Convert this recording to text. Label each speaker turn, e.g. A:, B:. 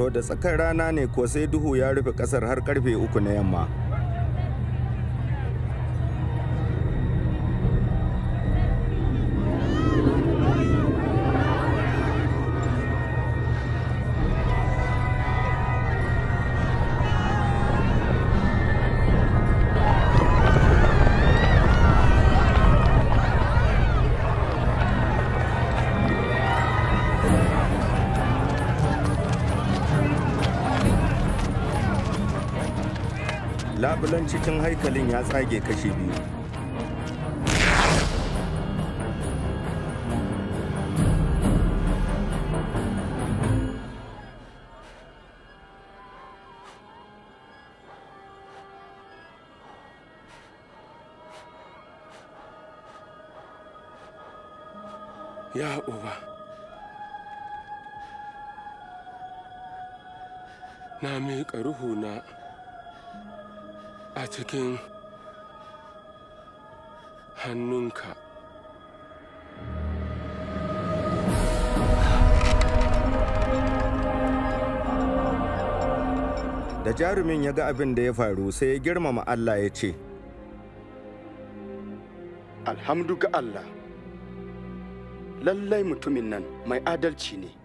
A: to da tsakar rana ne ko sai duhu ya rufe kasar har karfe uku na yamma labulan cikin haikalin ya tsage kashe biyu
B: ya uba na miƙa ruhuna a cikin hannunka.
A: Da jarumin ya ga abin da ya faru sai ya girmama Allah ya ce,
C: Alhamdu ga Allah, lallai mutumin nan mai adalci ne.